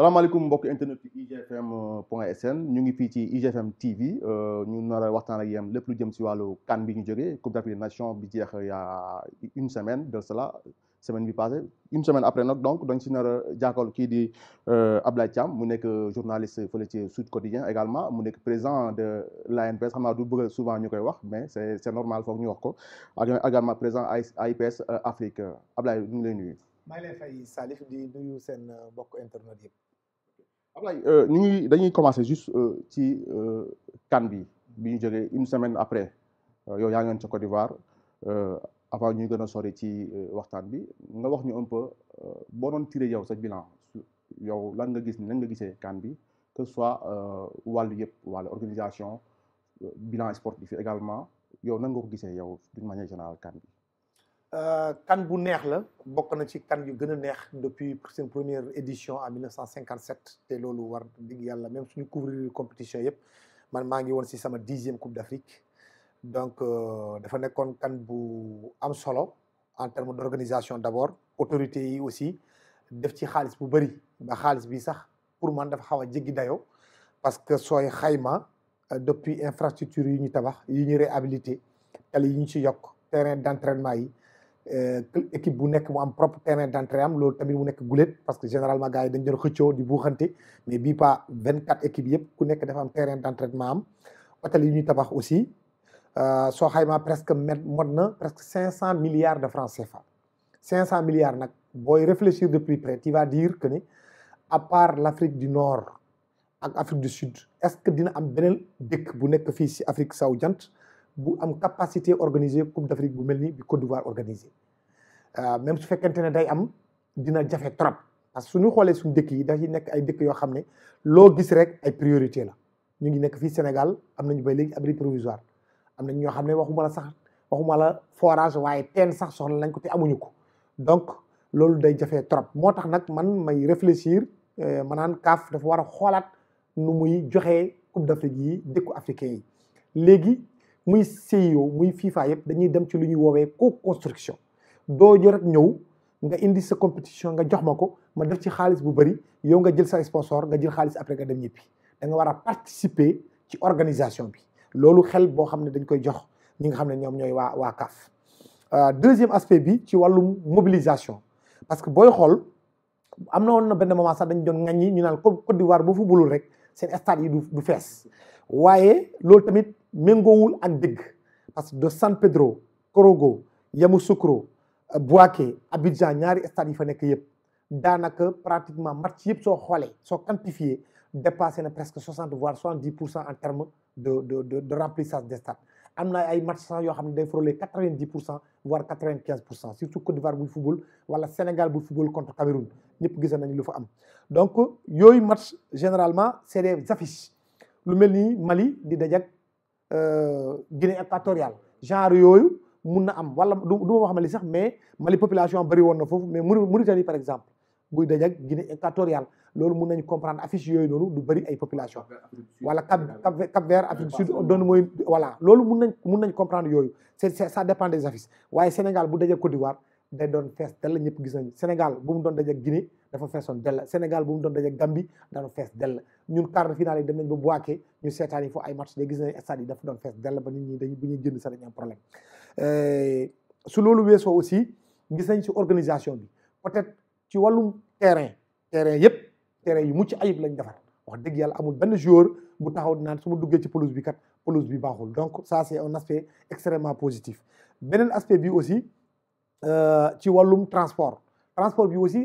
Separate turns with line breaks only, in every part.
salaamaaleykum mbokk internet yi IGFM euh, ñu ngi fi ci IGFM TV euh, ñu nar a waxtaan ak yam lepp lu jëm ci walu kan bi ñu joggé Coupe d'Afrique des Nations bi jeex euh, ya une semaine de cela semaine bi passée une semaine après nag donc dañ ci nar a ki di euh Ablaye Thiam mu nekk journaliste feulé ci Sud Quotidien également mu nekk président de l'ANPS xam naa du bëgg souvent ñu wax mais c'est c'est normal fokk ñu wax ko ak également président IPS Afrique Ablaye ñu lay nuyu.
may lay fay Salif di nuyu sen mbokk internet yëpp. Ablaye
ñu ngi dañuy commencé juste euh, ci CAN euh, bi bi ñu jógee une semaine après yo ya nga ci Côte d'Ivoire euh avant ñuy gëna sori ci euh, waxtaan bi nga wax ñu un peu bo doon tiré yow sa bilan yow lan nga gis ni lan nga gisee CAN bi que ce soit walu yépp wàllu organisation bilan sportif également yow nan nga ko gissé yow d'une manière générale CAN bi.
Euh, kan bu neex la bokk na ci kan yu gën a neex depuis seen première édition en 1957 te loolu war digg yàlla même suñu couvrir compétition yëpp man maa ngi woon si sama dixième coupe d'Afrique donc euh, dafa nekkoon kan bu am solo en terme d'organisation d'abord autorité yi aussi def ci xaalis bu bëri ba xaalis bi sax pour man dafa xaw a jéggi parce que sooy xayma euh, depuis infrastructure yi ñu tabax yi ñu réhabilité tali yi ñu ci yokk terrain d'entraînement yi euh, équipe bu nek mu am propre terrain d'entrée am loolu tamit mu nek Goulet, parce que généralement gars yi dañ doon xëccoo di buuxante mais bi pas 24 équipes qui ku un dafa am terrain d'entraînement am hôtel yi ñuy tabax aussi euh, soo xaymaa presque met modna presque 500 milliards de francs CFA 500 milliards si boy réfléchir de plus près tu va dire que à part l'Afrique du Nord ak Afrique du Sud est-ce que dina am un dekk bu nek fi ci Afrique bu am capacité organiser coupe d'Afrique bu mel bi Côte d'Ivoire Euh, même su fekkente ne day am dina jafé trop parce que suñu xolé suñu dëkk yi dafay nek ay dëkk yo xamné lo loo gis rek ay priorité la ñu ngi nek fi Sénégal am nañu bay légui abri provisoire am nañ ñoo xam waxuma la sax waxuma la forage waye ten sax soxla lañ ko té amuñu ko donc lolu day jafé trop motax nak man may réfléchir euh, manan kaf dafa war a xoolaat nu muy joxé coupe d'Afrique yi dëkku africain yi légui muy CIO e muy FIFA yépp dañuy dem ci lu ñuy woowee co-construction doo jot rek ñëw nga indi sa compétition nga jox ma ko ma def ci xaalis bu bëri yow nga jël sa sponsor nga jël xaalis après nga dem ñibbi da nga war a participer ci organisation bi loolu xel boo xam ne dañ koy jox ñi nga xam ne ñoom ñooy waa waa CAF. Euh, deuxième aspect bi ci wàllum mobilisation parce que booy xool am na woon na benn moment sax dañ doon ŋaññi ñu naan Côte d'Ivoire boo fu bulul rek seen stade yi du du fees. Mais ce n'est pas le Parce que de San Pedro, Corogo, Yamoussoukro, Boake, Abidjan, les deux stades sont dans pratiquement les sont quantifiés, dépassent presque 60 voire 70% en termes de, de, remplissage des stades. Il y a des matchs qui ont frôlé 90% voire 95%, surtout Côte d'Ivoire football, voilà le Sénégal football contre Cameroun. Donc, ces matchs, généralement, c'est des affiches. lu mel ni Mali di dajak euh, Guinée équatoriale genre yooyu mun na am wala du ma wax Mali sax mais Mali population bari woon na foofu mais Mauritanie par exemple buy dajak Guinée équatoriale loolu mun nañ comprendre affiche yooyu noonu du bëri ay population wala Cap Cap Vert Afrique du Sud doon mooy voilà loolu mun nañ mun nañ comprendre yooyu c'est ça dépend des affiches waaye Sénégal bu dajak Côte d'Ivoire day doon fees dal la ñëpp gis nañu Sénégal bu mu doon dajak Guinée dafa feesoon dell Sénégal bu mu doon daje Gambie dafa fees dell ñun quart de finale yi dem nañ ba Boaké ñu seetaan yi foofu ay match de gis nañ stade yi dafa doon fees dell ba nit ñi dañu bu ñuy génn sax dañu am problème eh, su loolu weesoo aussi gis nañ ci organisation bi peut-être ci wàllum terrain terrain yëpp terrain yu mucc ayib lañ defar wax dëgg yàlla amul benn joueur bu taxaw naan su ma duggee ci pelouse bi kat pelouse bi baaxul donc ça c'est un aspect extrêmement positif beneen aspect bi aussi euh, ci wàllum transport transport bi aussi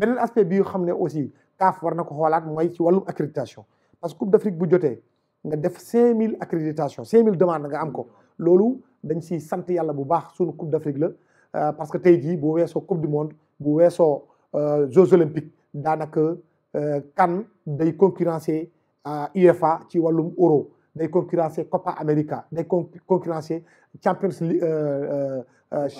ben aspect bi xam aussi CAF war na ko xoolaat mooy ci walum accréditation parce que Coupe d'Afrique bu joté nga def 5000 accréditation 5000 demandes nga am ko lolou dañ ci sante yalla bu baax sunu Coupe d'Afrique la euh, parce que tey jii bu weesoo Coupe du Monde bu wesso euh, Jeux olympiques danaka kan euh, day concurrencer UEFA ci walum euro day concurrencer Copa America day concurrencer Champions League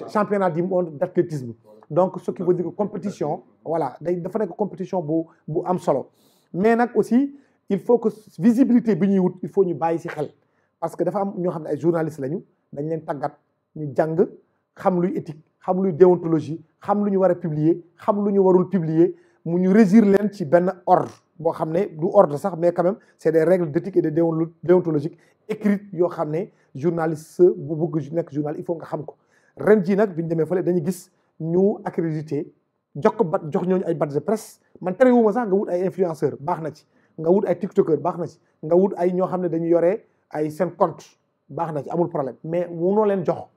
championnat du monde d'athlétisme donc ce qui veut dire compétition voilà day dafa nek compétition bu bu am solo mais nak aussi il faut que visibilité bi ñuy wut il faut ñu bàyyi ci xel parce que dafa am ñoo xam ay journalistes lañu dañ leen tagat ñu jang xam luy éthique xam luy déontologie xam lu ñu war publier xam lu ñu warul publier mu ñu régir leen ci ben ordre bo xam ne du ordre sax mais quand même c'est des règles d'éthique et de déontologique écrites yo xam ne journaliste bu bëgg nek journal il faut nga xam ko ren jii nag bi ñu demee fële dañu gis ñu accrédité jox ko bat jox ñooñu ay badge de presse man tere wuma sax nga wut ay influenceur baax na ci nga wut ay tiktokeur baax na ci nga ay ñoo xam ne dañu yoree ay seen compte baax na ci amul problème mais munoo leen jox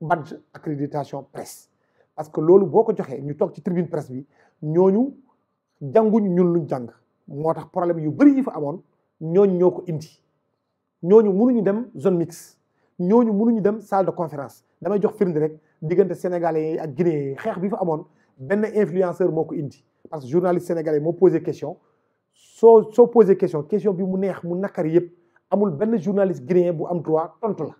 badge accréditation presse parce que loolu boo ko joxee ñu toog ci tribune presse bi ñooñu jànguñ ñun luñ jàng moo tax problème yu bëri yi fa amoon ñooñu ñoo ko indi ñooñu mënuñu dem zone mixte ñooñu mënuñu dem salle de conférence damay jox firnde rek diggante sénégalais yi a guinéens xeex bi fa amoon ben influenceur moko indi parce que journaliste sénégalais mo posé question soo posé question question bi mu neex mu nakar yeb amul ben journaliste guinéen bu am droit tontu la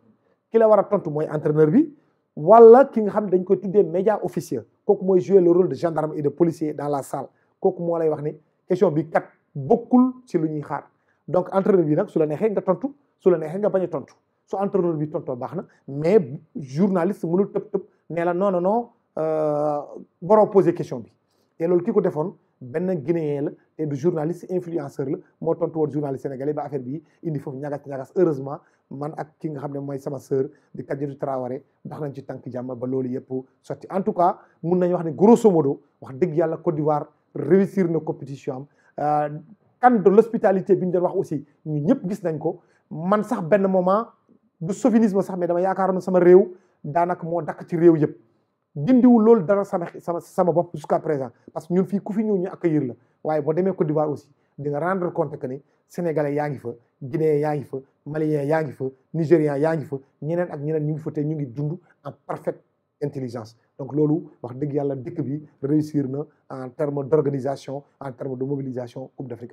ki la wara tontu moy entraîneur bi wala ki nga xam dañ koy tuddee média officiel kooku moy jouer le rôle de gendarme et de policier dans la salle kooku mo lay wax ni question bi kat bokul ci lu ñuy xaar donc entraîneur bi nak su la nexé nga tontu su la nexé nga bañ tontu su entraîneur bi tonto baxna mais journaliste mënul tëb tëb né la non non non boroo euh, posé question bi te loolu ki ko defoon benn guinéen la te du journaliste influenceur la moo tontu woon journaliste sénégalais ba affaire bi indi foofu ñagas ñagas heureusement man ak ki nga xam ne mooy sama sœur di Kadiatou Traoré dox nañ ci tànk jàmm ba loolu yëpp sotti en tout cas mun nañu wax ne grosso modo wax dëgg yàlla Côte d'Ivoire réussir na compétition am euh, kan de l'hospitalité bi ñu doon wax aussi ñu ñëpp gis nañ ko man sax benn moment du chauvinisme sax mais dama yaakaaroon sama réew daanaka moo dakk ci réew yëpp lol dara sama sama sama jusqu'à présent parce que ñun fi ku fi Nous ñu accueillir la waye bo aussi di rendre compte que ni sénégalais yaangi fa guinéen yaangi fa malien yaangi fa parfaite intelligence donc lolu wax nous yalla dëkk bi réussir en terme d'organisation en terme de mobilisation Coupe d'Afrique.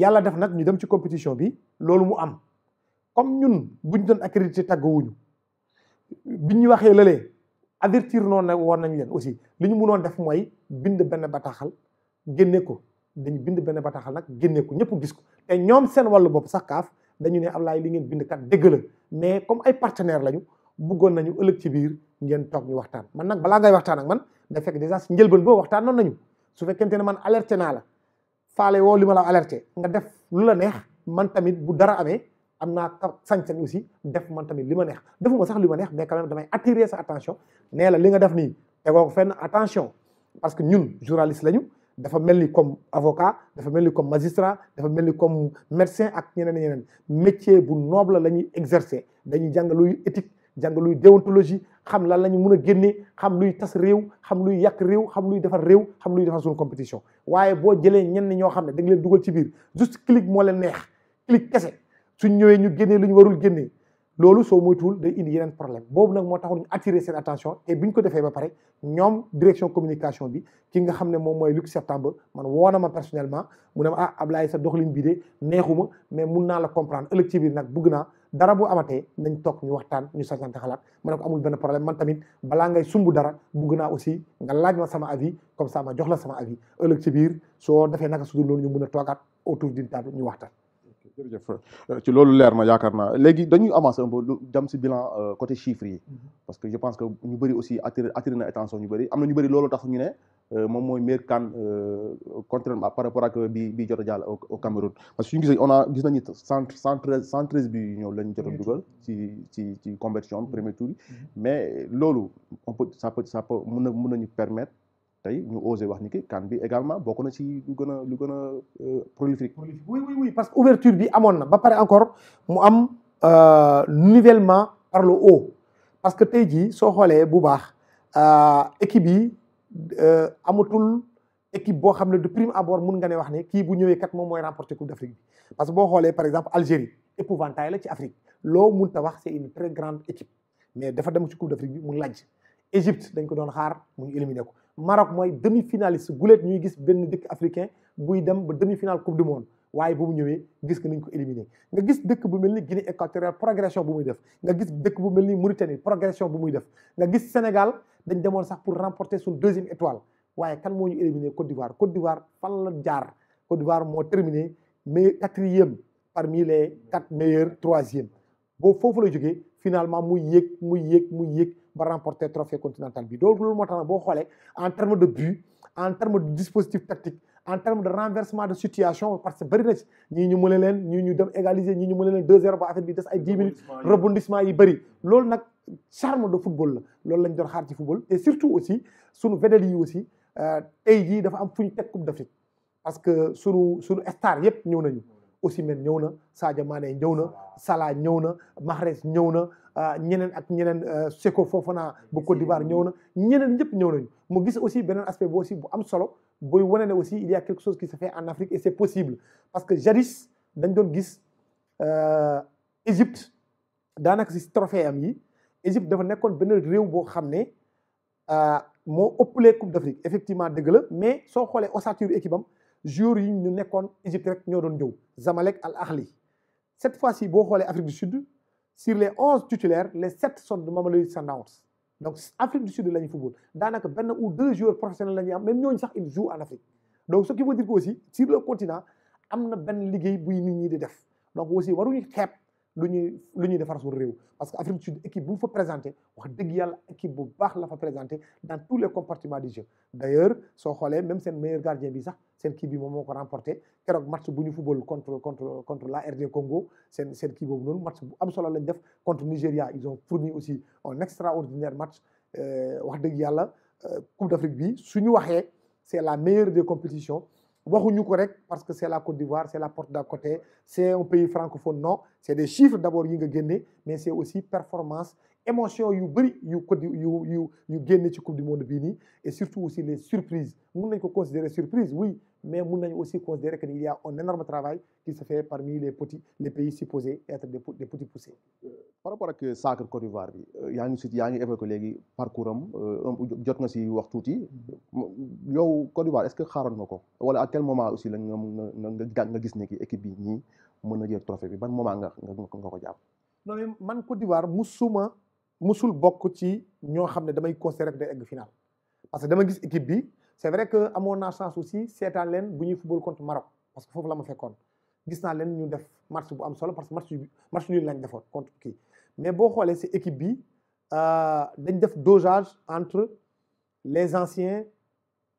yàlla def nag ñu dem ci compétition bi loolu mu am comme ñun buñ doon accrédité taggawuñu bi ñu waxee lee avertir noonu nag woon nañ leen aussi li ñu mënoon def mooy bind benn bataaxal génne ko dañu bind benn bataaxal nag génne ko ñëpp gis ko te ñoom seen wàllu bopp sax kaaf dañu ne Ablaye li ngeen bind kat dëgg la mais comme ay partenaire lañu buggoon nañu ëllëg ci biir ngeen toog ñu waxtaan man nag balaa ngay waxtaan ak man da fekk déjà si njëlbeen boobu waxtaan nañu su fekkente ne man alerté naa la faale woo li la alerté nga def lula la neex man tamit bu dara amé amna sañ-sañ aussi def man tamit lima ma neex defuma sax lima ma neex mais quand même damay attirer sa attention né la li nga def ni, té ko fenn attention parce que ñun journaliste lañu dafa melni comme avocat dafa melni comme magistrat dafa melni comme médecin ak ñeneen ñeneen métier bu noble lañuy exercer dañuy jàng luy éthique jàng déontologie xam lan la ñu mun a xam luy tass réew xam luy yak réew xam luy défar réew xam luy défar sun compétition wayé bo jëlé ñenn ño xamné ne da nga leen dugal ci biir juste clic mo leen neex clic kessé suñ ñëwé ñu génné luñu ñu warul génnee loolu soo moytuwul day indi yenen problème boobu nag moo taxoon ñu attirer sen attention et biñ ko défé ba paré ñom direction communication bi ki nga xamné mom moy mooy Luc Septembre man woo ma personnellement mu ne ma ah Ablaye sa doxalin bi dé neexuma mais mu naa la comprendre ëllëg ci biir nag bugg dara bu amatee nañ toog ñu waxtaan ñu sàccante xalaat ma ne ko amul benn problème man tamit balaa ngay sumb dara bugg naa aussi nga laaj ma sama avis comme ça ma jox la sama avis ëllëg ci biir soo defee naka su dul loolu ñu mun a toogaat autour d'une table ñu waxtaan.
jërëjëf euh, ci loolu leer na yaakaar naa léegi dañuy avancer un peu lu dem si bilan euh, côté chiffres yi. Mhm. parce que je pense que ñu bëri aussi attiré attiré na attention ñu bëri am na ñu bëri loolu tax ñu ne. Euh, moom mooy meilleur CAN contrairement par rapport à euh, bi bi jot a au Cameroun parce que on a gis 113 bi yu ñëw la ñu ci ci ci conversion mmh. premier tour mmh. mais lolu on peut ça peut ça peut mën na nañu permettre tay ñu oser wax ni ki CAN bi également bokk na ci lu gën lu gën euh, prolifique. oui
oui oui parce que ouverture bi amoon na ba paré encore mu am nivellement par le haut parce que tay jii so xolé bu baax équipe bi euh, amatul équipe bo xamné de prime abord mun nga ne wax né ki bu ñëwé kat moom moy remporter coupe d'Afrique parce que bo xolé par exemple Algérie épouvantail la ci Afrique lo mun ta wax c'est une très grande équipe mais dafa dem ci coupe d'Afrique bi mu laaj Égypte dañ ko doon xaar mu ñu éliminé ko Maroc moy demi finaliste guleet ñuy gis ben dëkk africain buy dem ba demi finale coupe du monde waye bu mu ñëwé gis nga nañ ko éliminé nga gis dëkk bu melni Guinée équatoriale progression bu muy def nga gis dëkk bu melni Mauritanie progression bu muy def nga gis Sénégal dañ demone sax pour remporter suñu deuxième étoile waye kan mo ñu éliminé Côte d'Ivoire Côte d'Ivoire fan la jaar Côte d'Ivoire mo terminé mais quatrième parmi les quatre meilleurs troisième bo fofu la jógee finalement muy yek muy yek muy yek ba remporter trophée continental bi donc loolu moo bo xolé en terme de but en terme de dispositif tactique en terme de renversement de situation parce que bari na ci ñii ñu mën leen ñii ñu dem égaliser ñi ñu mën leen 2-0 ba affaire bi des ay 10 minutes rebondissement yi bari loolu nak charme de football le loolu lañ doon football et surtout aussi sunu le yi aussi euh, tay ji dafa am fuñu coupe d'Afrique parce que sunu sunu star ñëw nañu men ñëw na Sadio Mané ñëw Salah ñëw na Mahrez ñëw na euh, ñeneen ak ñeneen Seko euh, Fofana bu Côte d'Ivoire ñëw na ñeneen ñëpp ñëw nañu mu gis aussi benen aspect bo aussi bu am solo aussi il y a quelque chose qui se fait en Afrique et c'est possible parce que jadis dañ doon gis Égypte danaka des, trophée am yi Égypte dafa être benn réew boo xam ne plus euh, ëppalee Coupe d'Afrique effectivement c'est vrai, mais si on ossature équipe am joueurs yi ñu nekkoon Égypte rek ñoo doon Zamalek Al Ahli cette fois ci si on regarde l'Afrique du Sud sur les 11 titulaires les 7 sont de Mamelodi Sundowns donc l'Afrique du Sud est le football Il y ou deux joueurs professionnels même nous, ils jouent en Afrique donc ce qui veut dire que aussi sur le continent une ligue benn est en train ñi di def donc aussi se xeeb lu ñuy France defar parce que Afrique du Sud équipe bu mu fa présenté wax dëgg yàlla équipe bu baax la fa présenté dans tous les compartiments du jeu D'ailleurs, ailleurs soo xoolee même seen meilleur gardien bi sax seen kii bi moom moo ko match de football contre contre contre la RD Congo c'est seen kii boobu noonu match bu am solo lañ def contre nigeria ils ont fourni aussi un extraordinaire match euh, wax dëgg yàlla euh, Coupe d' Afrique bi su ñu la meilleure des compétitions waxuñu ko rek parce que c'est la Côte d'Ivoire c'est la porte d'à côté c'est un pays francophone non c'est des chiffres d'abord yi nga gagné, mais c'est aussi performance émotion vous émotions yu coupe du monde et surtout aussi les surprises mun considère ko considérer surprise oui mais nous nañu aussi considérer qu'il y a un énorme travail qui se fait parmi les petits les pays supposés être des, des petits poussés.
par rapport à ce sacre Côte d'Ivoire il y a une collègues qui évoqué léegi parcours am euh, jot wax Côte d'Ivoire est-ce que vous nga ko wala à quel moment aussi la nga nga l'équipe gis ne ki équipe bi trophée bi ban moment nga nga ko
non mais man Côte d'Ivoire musuma musul bokk ci ñoo que ne damay considéré day egg final parce que dama gis équipe bi. C'est vrai que à mon chance aussi c'est leen bu ñuy football contre Maroc parce que faut la ma compte. gis naa nous ñu def match bu am parce que match match nul lañ defoon contre qui. mais bon, c'est l'équipe équipe bi euh, dañ def dosage entre les anciens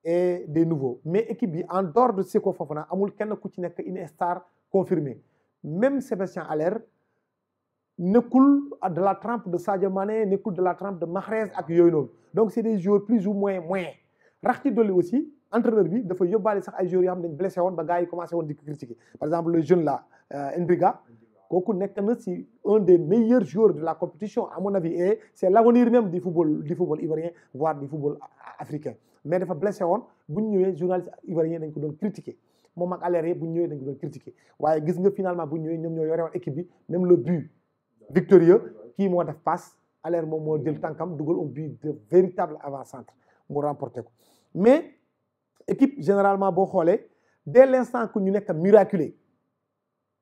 et des nouveaux mais équipe en dehors de Seko Fofana amul il n'y a nekk une star confirmée même Sébastien Aller ne coule de la trempe de Sadio Mané coule de la trempe de Mahrez et Yoyno. donc c'est des joueurs plus ou moins moyens rax Dolly aussi entraîneur bi dafa yóbbaale sax ay joueurs yoo xam dañ blessé woon ba gars yi commencé woon di critiquer par exemple le jeune là euh, Ndriga kooku nekk na un des meilleurs joueurs de la compétition à mon avis et c'est l'avenir même du football du football ivoirien voire du football africain mais dafa blessé woon bu ñu ñëwee journaliste ivoirien dañ ko doon critiquer moom ak Allaire bu ñu ñëwee dañ ko doon critiquer waaye gis nga finalement bu ñu ñëwee ñoom ñoo yore équipe bi même le but victorieux qui moo def passe Allaire moom moo jël tànkam dugal un but de véritable avant centre mu remporté ko mais l'équipe, généralement dès l'instant que ñu nek miraculé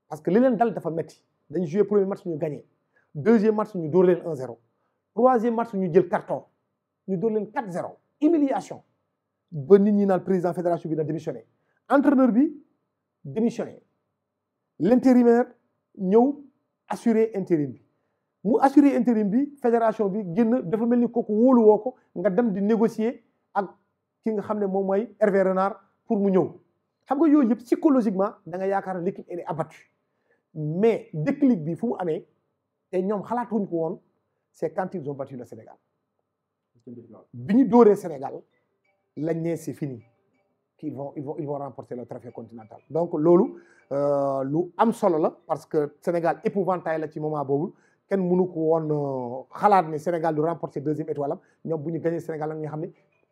parce que li leen dal dafa metti le jouer premier match ñu gagné deuxième match ñu donne leen 1-0 troisième match ñu jël carton ñu leen 4-0 humiliation ba nit ñi le président fédération bi démissionné entraîneur bi démissionné L'intérimaire, ñeu assurer intérim bi mu assurer intérim bi fédération bi genn dafa melni ni nga dem di négocier ak ki nga xam ne moom mooy Hervé Renard pour mu ñëw xam nga yooyu yëpp psychologiquement da nga yaakaar ne l'équipe elle est abattue mais déclic bi fu mu amee te ñoom xalaatuñ ko woon c'est quand ils ont battu le Sénégal bi ñu dóoree Sénégal lañ ne c'est fini qu'ils vont ils vont ils vont remporter le trophée continental donc loolu euh, lu am solo la parce que Sénégal épouvantail la ci moment boobu kenn mënu ko woon euh, xalaat ne Sénégal du remporter deuxième étoile am ñoom bu ñu gagné Sénégal la nga xam ne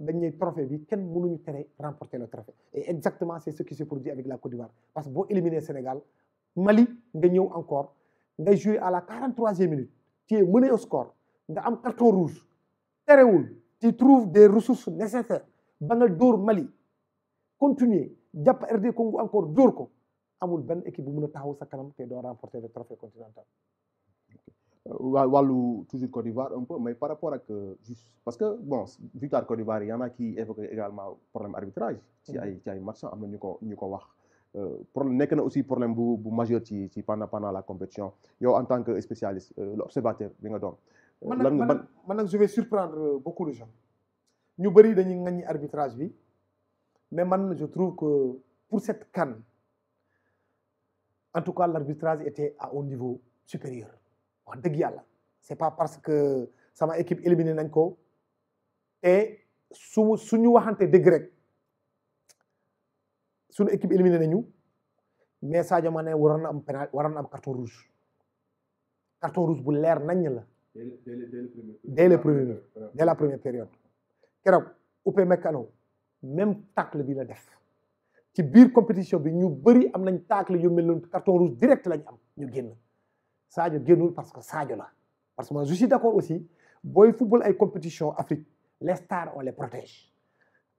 le trophée bi kenn mënuñu remporter le trophée et exactement c'est ce qui se produit avec la Côte d'Ivoire parce que éliminé éliminer Sénégal Mali nga gagné encore a joué à la 43e minute qui est mené au score Il a un carton rouge terewul tu trouve des ressources nécessaires ba nga dóor Mali continuer Il RD Congo encore dur ko amul Ben équipe bu mën a taxaw sa kanam te remporter le trophée continental
euh, Walou, toujours Côte d'Ivoire un peu, mais par rapport à que. Euh, parce que, bon, victoire Côte d'Ivoire, il y en a qui évoquent également le problème arbitrage. Il y a des matchs, il y a na aussi problème bu bu majeur ci pendant pendant la compétition Yo, en tant que spécialiste euh, l'observateur bi nga doon. je
vais surprendre beaucoup de gens ñu avons eu l'arbitrage, arbitrage bi mais man je trouve que pour cette CAN en tout cas l'arbitrage était à un niveau supérieur. wax dëgg yàlla c'est pas parce que sama équipe éliminé nañ ko te su suñu waxantee dëgg rek suñu équipe éliminé nañu mais sa Mané waroon na am penalty waroon na am carton rouge carton rouge bu leer nañ la.
de le premier période
dès la première période. keroog Upamecano même tacle bi na def. ci biir compétition bi ñu bëri am nañ tacle yu mel noonu carton rouge direct lañ am ñu génn. Sadio génnul parce que Sadio la parce que moi je suis d'accord aussi Boy football ay compétition Afrique les stars on les protège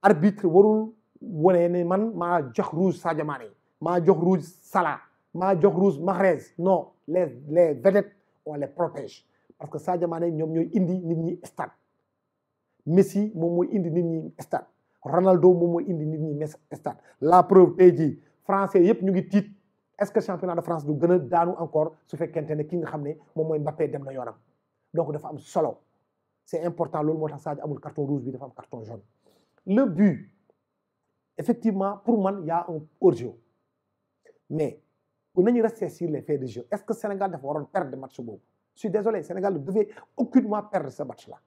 arbitre warul wane ne man Ma jox rouge Sadio Mané Ma jox rouge Salah Ma jox rouge Mahrez non les les vedettes on les protège parce que Sadio Mané ñoom ñooy indi nit ñi stade Messi moom mooy indi nit ñi stade Ronaldo moom mooy indi nit ñi stade la preuve tey français yëpp ñu ngi est-ce que le championnat de France nous gagne encore ce fait ne ki nga nous ne moom Mbappé dem na yoonam donc dafa am solo c'est important loolu moo tax Sadio le carton rouge bi le carton jaune. le but effectivement pour moi, il y a un Mais, jeu mais nous rester sur les faits de jeu est-ce que le Sénégal dafa perdre perdre match je suis désolé le Sénégal ne devait aucunement perdre ce match-là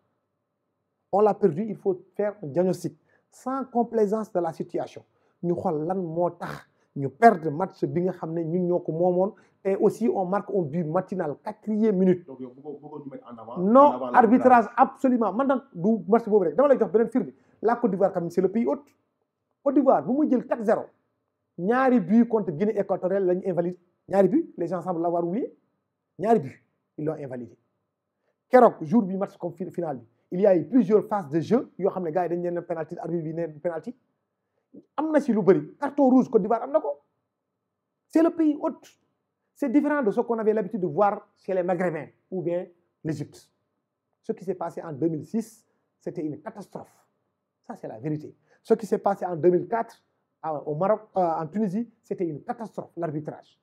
on l'a perdu il faut faire un diagnostic sans complaisance de la situation nous xool lan moo ñu perdre match bi nga xamné ñun ñoko et aussi on marque un but matinal quatrième minute.
donc mettre en avant. non arbitrage
absolument man daan du match bobu rek dama lay jox la Côte d'Ivoire c'est le pays hôte Côte d'Ivoire bu mu jël 4-0 ñaari but contre Guinée équatoriale lañ invalide ñaari but les gens semblent l'avoir oublié ñaari but ils l'ont invalidé kérok jour bi match comme final il y a eu plusieurs phases de jeu yo xamné ne gars yi dañu penalty arbitre bi penalty c'est le pays hôte c'est différent de ce qu'on avait l'habitude de voir chez les Maghrébins ou bien l'Égypte ce qui s'est passé en 2006 c'était une catastrophe ça c'est la vérité ce qui s'est passé en 2004 au Maroc euh, en Tunisie c'était une catastrophe l'arbitrage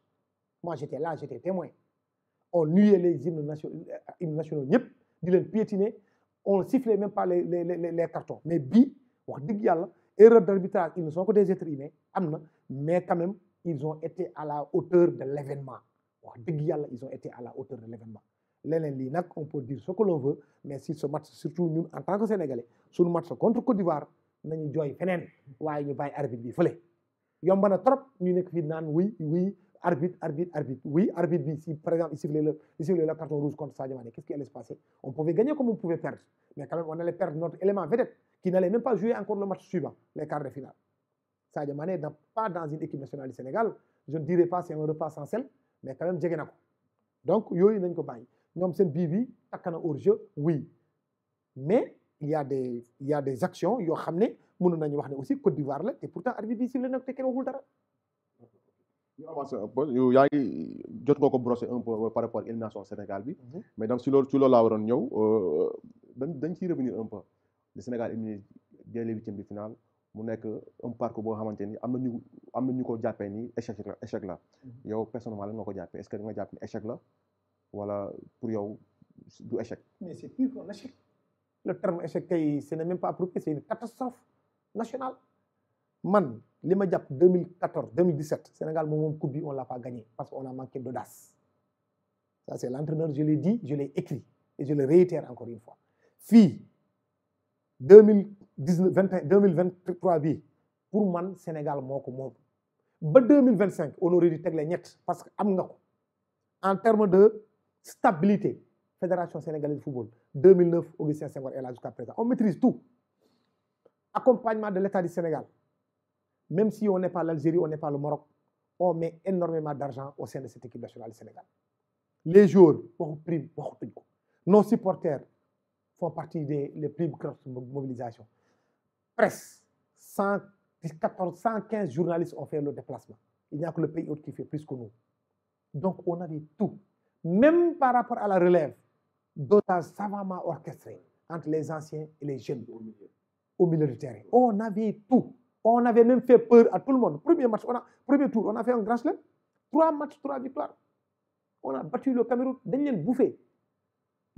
moi j'étais là j'étais témoin on nuait les hymnes nationaux euh, hymnes nationaux on sifflait même pas les cartons mais bi wax dëgg erreur d'arbitrage, ils ne sont que des êtres humains, mais quand même, ils ont été à la hauteur de l'événement. Ils ont été à la hauteur de l'événement. On peut dire ce que l'on veut, mais si ce match, surtout nous, en tant que Sénégalais, sur le match contre Côte d'Ivoire, nous jooy feneen un ñu bàyyi arbitre bi un peu na trop ñu nekk fii naan oui oui arbitre arbitre arbitre oui arbitre si par exemple il sifflait le carton rouge contre Sadio Mané qu'est-ce qui allait se passer on pouvait gagner comme on pouvait perdre mais quand même on allait perdre notre élément vedette qui n'allait même pas jouer encore le match suivant, les quarts de finale. Sadio Mané n'est pas dans une équipe nationale du Sénégal. Je ne dirais pas c'est un repas sans sel, mais quand même, j'ai gagné. donc il y ko bàyyi Nous sommes bibi, bi jeu oui mais il y a des il y a des actions il y ne des nañu wax aussi Côte d'Ivoire et et pourtant arbitre bi sifflé na te kenn waxul dara.
ñu avancé un je jot brosser un peu par rapport à élimination Sénégal bi. Mhm. mais donc si loolu ci loolu laa waroon ñëw euh, dañ dañ ciy revenir un peu le Sénégal éliminé dès les huitièmes de finale mu nekk un parcours boo xamante ni am na ñu am na ñu ko jàppee ni échec la échec la. Mhm. yow personnellement lan nga ko est-ce que nga jàpp
échec la wala pour yow du échec. mais c'est plus qu'un échec le terme échec kay ce n'est même pas approprié c'est une catastrophe nationale. man li ma jàpp 2014 2017 Sénégal moom moom coupe bi on l'a pas gagné parce qu'on a manqué d'audace ça c'est l'entraîneur je l'ai dit je l'ai écrit et je le réitère encore une fois fii. 2023 pour moi le pour Sénégal est ko En ba on aurait dû tegle ñett parce que am en termes de stabilité fédération sénégalaise de football 2009, Augustin Senghor est là jusqu'à présent on maîtrise tout accompagnement de l'État du Sénégal même si on n'est pas l'Algérie on n'est pas le Maroc on met énormément d'argent au sein de cette équipe nationale du Sénégal les joueurs waxu prime waxu tuñ ko nos supporters font partie des les plus grosses mobilisations. Presse, 114, 115 journalistes ont fait le déplacement. Il n'y a que le pays qui fait plus que nous. Donc on avait tout. Même par rapport à la relève, d'otages savamment orchestré entre les anciens et les jeunes au milieu du terrain. On avait tout. On avait même fait peur à tout le monde. Premier match, on a, premier tour, on a fait un grand slam. Trois matchs, trois victoires. On a battu le Cameroun, dernier bouffé.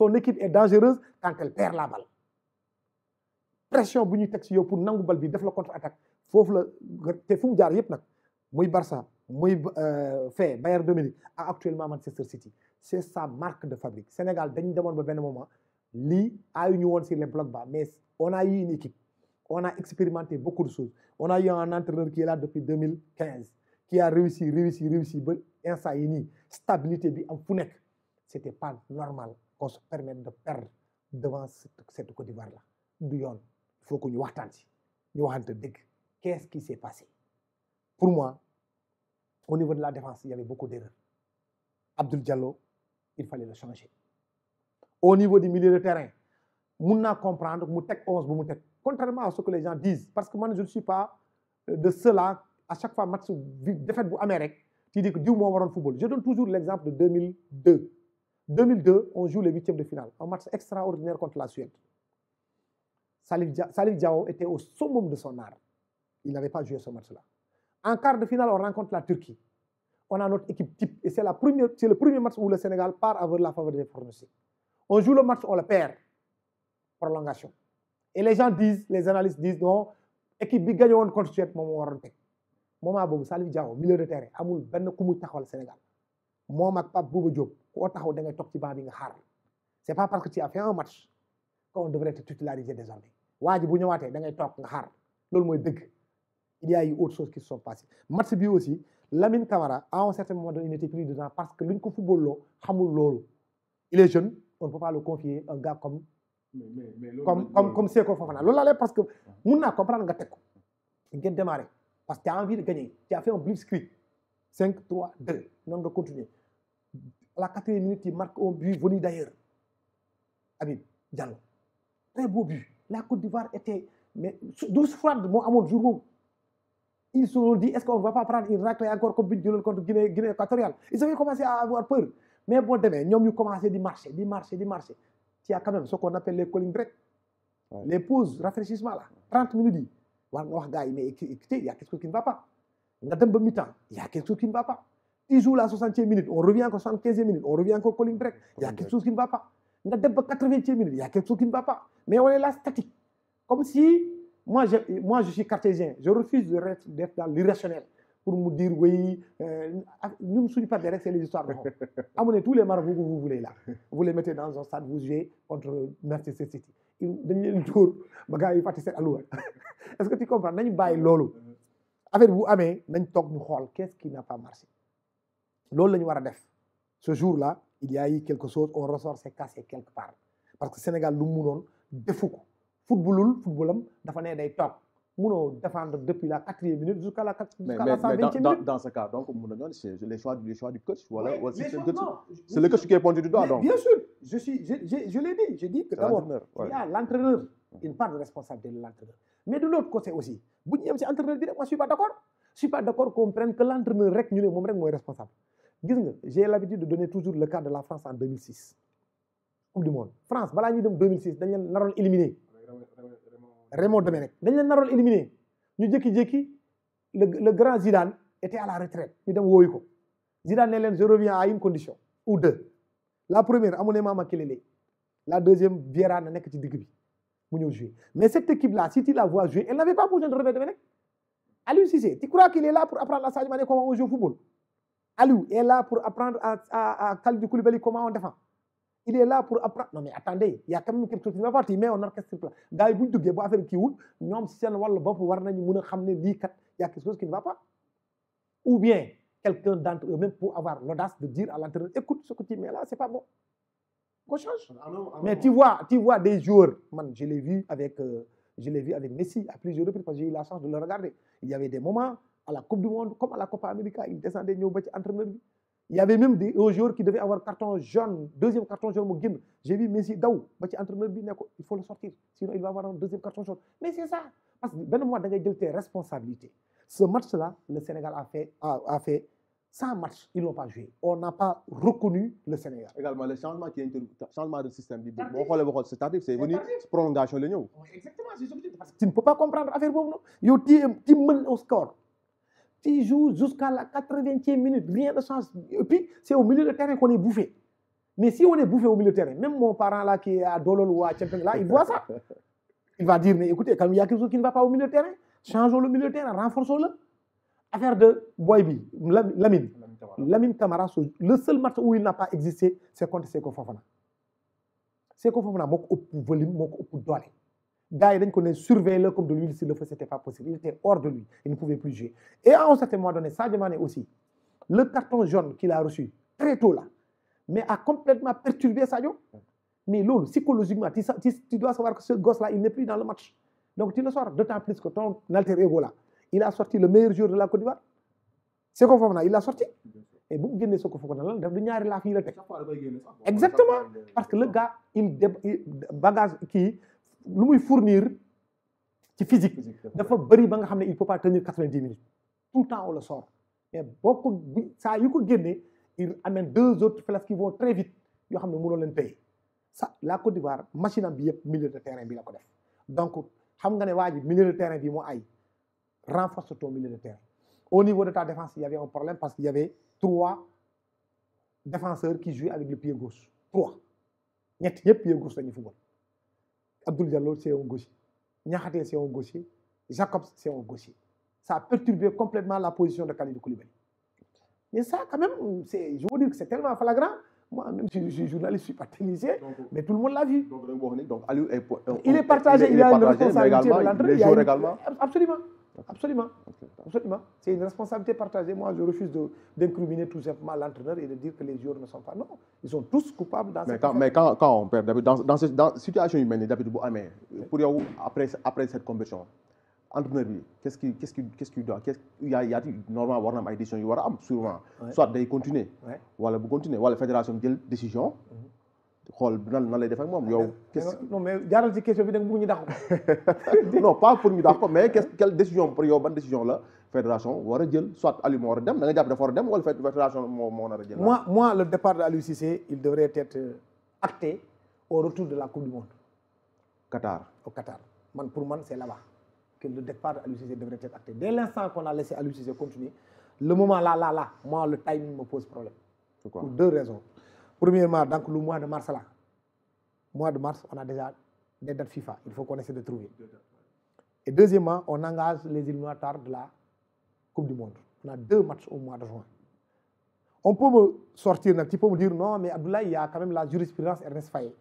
son équipe est dangereuse quand elle perd la balle pression bu ñuy teg pour nangu bal bi def la contre attaque Fofu la té fu mu jaar yëpp nak muy Barça muy euh, fait Bayern Dominique à actuellement Manchester City C'est sa marque de fabrique Sénégal dañ demoon ba benn moment a ñu won ci les blocs bas mais on a eu une équipe on a expérimenté beaucoup de choses on a eu un entraîneur qui est là depuis 2015 qui a réussi réussi réussi ba instant yi stabilité bi am fu pas normal qu'on se permette de perdre devant cette, Côte d'Ivoire-là. il faut qu'on nous waxtaan qu'est-ce qui s'est passé pour moi au niveau de la défense il y avait beaucoup d'erreurs Abdoul Diallo il fallait le changer au niveau du milieu de terrain on a comprendre mu onze contrairement à ce que les gens disent parce que moi, je ne suis pas euh, de cela à chaque fois match défaite pour tu dis que va moo un football je donne toujours l'exemple de 2002 2002, on joue les huitièmes de finale, un match extraordinaire contre la Suède. Salif, Djao était au summum de son art. Il n'avait pas joué ce match-là. En quart de finale, on rencontre la Turquie. On a notre équipe type. Et c'est le premier match où le Sénégal part avoir la faveur des pronostics. On joue le match, on le perd. Prolongation. Et les gens disent, les analystes disent, non, équipe bi gagnée contre Suède, moment Salif Diao, milieu de terrain, amul ben kumu le Sénégal moom ak Pape Bouba Diop ko taxaw da ngay tok ci ba bi nga xar c'est pas parce que tu as fait un match qu'on devrait te titulariser désormais waa bu ñëwaatee da ngay tok nga xar lool moy deug il y a eu autre chose qui se sont passées match bi aussi Lamine Camara à un certain moment donné il n'était plus dedans parce que luñ ko football lo xamul lool il est jeune on ne peut pas le confier un gars comme comme comme comme Seko Fofana lool la parce que mun na comprendre nga tek ko démarrer parce que tu as envie de gagner tu as fait un blitzkrieg 5 3 2 non nga continuer à la quatrième minute, il marque un but venu d'ailleurs. Habib Diallo. Très beau but. La Côte d'Ivoire était. Mais moi, à mon amour, jour Ils se sont dit est-ce qu'on ne va pas prendre une raclée encore comme but de contre Guinée, équatoriale Ils avaient commencé à avoir peur. Mais bon, demain, ils ont commencé à marcher, à marcher, à marcher. Il y a quand même ce qu'on appelle les calling breaks. Les pauses, rafraîchissement, là. 30 minutes. Mais écoutez, il y a quelque chose qui ne va pas. Il y a quelque chose qui ne va pas il joue la 60e minute, on revient encore 75e minute, on revient encore Colin Break. Il y a quelque chose qui ne va pas. On a 80e minute, il y a quelque chose qui ne va pas. Mais on est là statique. Comme si, moi je, moi, je suis cartésien, je refuse d'être dans l'irrationnel pour me dire oui, euh, ah, nous ne pas de rester c'est les histoires Amenez tous les marabouts que vous voulez là. Vous les mettez dans un stade, vous jouez contre Manchester City. une tour, il participent à Est-ce que tu comprends Nous avons lolo. Avec vous, amé, nous avons qu'est-ce qui n'a pas marché ce jour là il y a eu quelque chose on ressort c'est cassé quelque part parce que Sénégal lu football, mënoon footballul footballam dafa ne day défendre depuis la 4e minute jusqu'à la 4e minute
dans ce cas donc c'est les choix choix du coach c'est le coach qui est pointé du doigt bien sûr
je l'ai dit je que il y a l'entraîneur une part de responsable de l'entraîneur mais de l'autre côté aussi suis pas d'accord suis pas d'accord qu'on prenne que l'entraîneur est responsable gis nga j'ai l'habitude de donner toujours le cas de la France en 2006 coupe du monde France bala ñuy dem 2006 dañ leen éliminé Raymond Domenech dañ leen naroon éliminé ñu jékki-jékki le le grand Zidane était à la retraite ñu dem woyiko Zidane né je reviens à une condition ou deux la première Mama Kelele, la deuxième Vieira na nek ci digg bi mu ñeu jouer mais cette équipe là si tu la vois jouer elle n'avait pas besoin de Raymond Domenech Aliou Cissé tu crois qu'il est là pour apprendre à Sadio Mané comment on joue au football Alou est là pour apprendre à, à, à Khalidou Koulibaly comment on défend. Il est là pour apprendre. Non, mais attendez, il y a quand même quelque chose qui ne va partir, mais on orchestre là. Gars, faire qui pour voir Il y a quelque chose qui ne va pas. Ou bien quelqu'un d'entre eux même pour avoir l'audace de dire à l'entraîneur, écoute ce que tu mets là, ce n'est pas bon. Qu'on change. Ah ah mais tu vois, tu vois des joueurs. Man, je l'ai vu avec, euh, je l'ai vu avec Messi à plusieurs reprises parce que j'ai eu la chance de le regarder. Il y avait des moments à la Coupe du Monde, comme à la Copa América, il descendait ils ba ci entraîneur Il y avait même des joueurs qui devaient avoir carton jaune, deuxième carton jaune j'ai vu Messi daw ba entraîneur il faut le sortir sinon il va avoir un deuxième carton jaune mais c'est ça parce que ben moi, il ngay jël tes responsabilités. Ce match-là, le Sénégal a fait a, fait 100 matchs, ils l'ont pas joué. On n'a pas reconnu le Sénégal.
Également, le changement, qui est changement de système, c'est tardif, c'est venu prolongation.
Oui, exactement, c'est ce que tu Parce tu ne peux pas comprendre l'affaire. Tu es au score. Tu joue jusqu'à la 80e minute, rien de chance. Et puis, c'est au milieu de terrain qu'on est bouffé. Mais si on est bouffé au milieu de terrain, même mon parent là qui est à Dolol ou à Champion il voit ça. Il va dire, mais écoutez, quand il y a quelque chose qui ne va pas au milieu de terrain, changeons le milieu de terrain, renforçons-le. Affaire de Boybi, Lamine. Lamine Camara, le seul match où il n'a pas existé, c'est contre Seiko Fofana. Seko Fofana, il a gars connaît qu'on surveillait comme de l'huile S'il le feu, n'était pas possible. Il était hors de lui, il ne pouvait plus jouer. Et à un certain moment donné, Sadio Mané aussi, le carton jaune qu'il a reçu très tôt là, mais a complètement perturbé Sadio. Mais l'autre, psychologiquement, tu, dois savoir que ce gosse-là, il n'est plus dans le match. Donc tu le sors, d'autant plus que ton alter ego là, il a sorti le meilleur joueur de la Côte d'Ivoire. C'est conforme là, il l'a sorti. Et vous gagner ce que vous Exactement. Parce que le gars, il bagage qui lu muy fournir ci physique dafa bëri ba nga ne il peut pas tenir 90 minutes tout le temps on le sort mais boo ko il amène deux autres flèches qui vont très vite yoo xam ne mënoo leen téye ça la Côte d'Ivoire machine am bi yëpp milieu de terrain donc xam nga ne waa ji de terrain bi moo ay renforce ton milieu de terrain au niveau de ta défense il y avait un problème parce qu'il y avait trois défenseurs qui jouaient avec le pied gauche trois ñett ñëpp pied gauche football Abdul Diallo, c'est un gaucher. Niakhaté, c'est un gaucher. Jacob, c'est un gaucher. Ça a perturbé complètement la position de Khalidou Koulibaly. Mais ça, quand même, je veux dire que c'est tellement flagrant. Moi, même si je suis journaliste, je ne suis pas télévisé, mais tout le monde l'a vu. Donc, donc, euh, il est euh, partagé, il, il, il a partagé, une responsabilité Absolument. Absolument. Absolument. C'est une responsabilité partagée. Moi, je refuse d'incriminer tout simplement l'entraîneur et de dire que les joueurs ne sont pas. Non, ils sont tous coupables dans mais cette quand, Mais
quand, on perd, dans, dans, cette situation humaine, pour vous, après, après cette conversion, entraîneur, qu'est-ce qu'il qui, qui doit qu Il y a, il y a normalement avoir une décision, il y aura sûrement. Soit de continuer, ou ou la fédération de décision def ak non mais ci question bi nag bëgg ñu non pas pour ñu dire mais quelle décision pour yow décision la fédération ou jël soit Aliou moo war à dem fédération moi
moi le départ de l'UCC, il devrait être euh, acté au retour de la coupe du monde. Qatar au Qatar man pour moi, c'est là-bas que le départ de Aliou devrait être acté dès l'instant qu'on a laissé Aliou Cissé continuer le moment là là là moi le timing me pose problème. pour deux raisons. Premièrement, donc le mois de mars là, mois de mars, on a déjà des dates FIFA. Il faut qu'on essaie de trouver. Et deuxièmement, on engage les éliminatoires de la Coupe du Monde. On a deux matchs au mois de juin. On peut me sortir un petit peu, me dire non, mais Abdoulaye, il y a quand même la jurisprudence Ernest Fayet.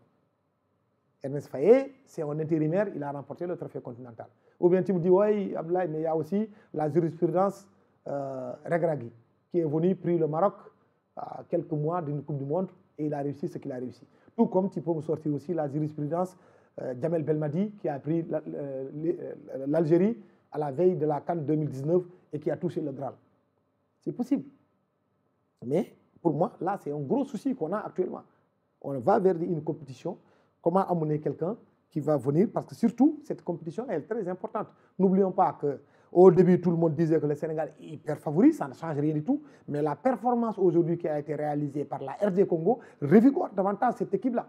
Ernest Fayet, c'est un intérimaire, il a remporté le trophée continental. Ou bien tu me dis, oui, Abdoulaye, mais il y a aussi la jurisprudence euh, Regragui, qui est venue, pris le Maroc à quelques mois d'une Coupe du Monde et il a réussi ce qu'il a réussi. Tout comme tu peux me sortir aussi la jurisprudence euh, Belmadi qui a pris euh, euh, l'Algérie à la veille de la Cannes 2019 et qui a touché le Graal. C'est possible. Mais pour moi, là, c'est un gros souci qu'on a actuellement. On va vers une compétition. Comment amener quelqu'un qui va venir Parce que surtout, cette compétition est très importante. N'oublions pas que au début, tout le monde disait que le Sénégal est hyper favori, ça ne change rien du tout. Mais la performance aujourd'hui qui a été réalisée par la RD Congo revigore davantage cette équipe-là.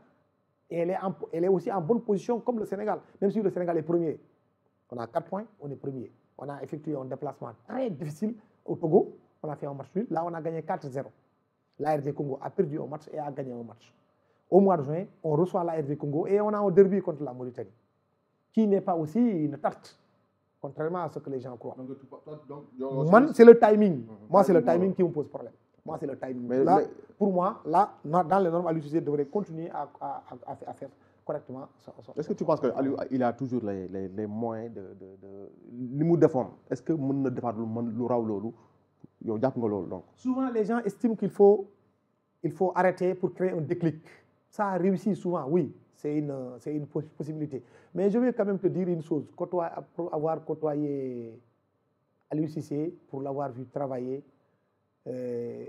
Et elle est, elle est aussi en bonne position comme le Sénégal, même si le Sénégal est premier. On a 4 points, on est premier. On a effectué un déplacement très difficile au Togo. On a fait un match nul. Là, on a gagné 4-0. La RD Congo a perdu un match et a gagné un match. Au mois de juin, on reçoit la RD Congo et on a un derby contre la Mauritanie, qui n'est pas aussi une tarte contrairement à ce que les gens croient. Moi, c'est le timing. Mhm. Moi, c'est le timing qui me pose problème. Moi, c'est le timing. Pour moi, là, dans les normes, l'utilisateur devrait continuer à, à, à, faire correctement. Est-ce que tu penses qu'il
a toujours les, moyens de... de, de... de forme Est-ce que mon ne défend le
Souvent, les gens estiment qu'il faut arrêter pour créer un déclic. Ça a réussi souvent, oui, c'est une, euh, une, possibilité. Mais je vais quand même te dire une chose, pour avoir côtoyé à l'UCC, pour l'avoir vu travailler, euh,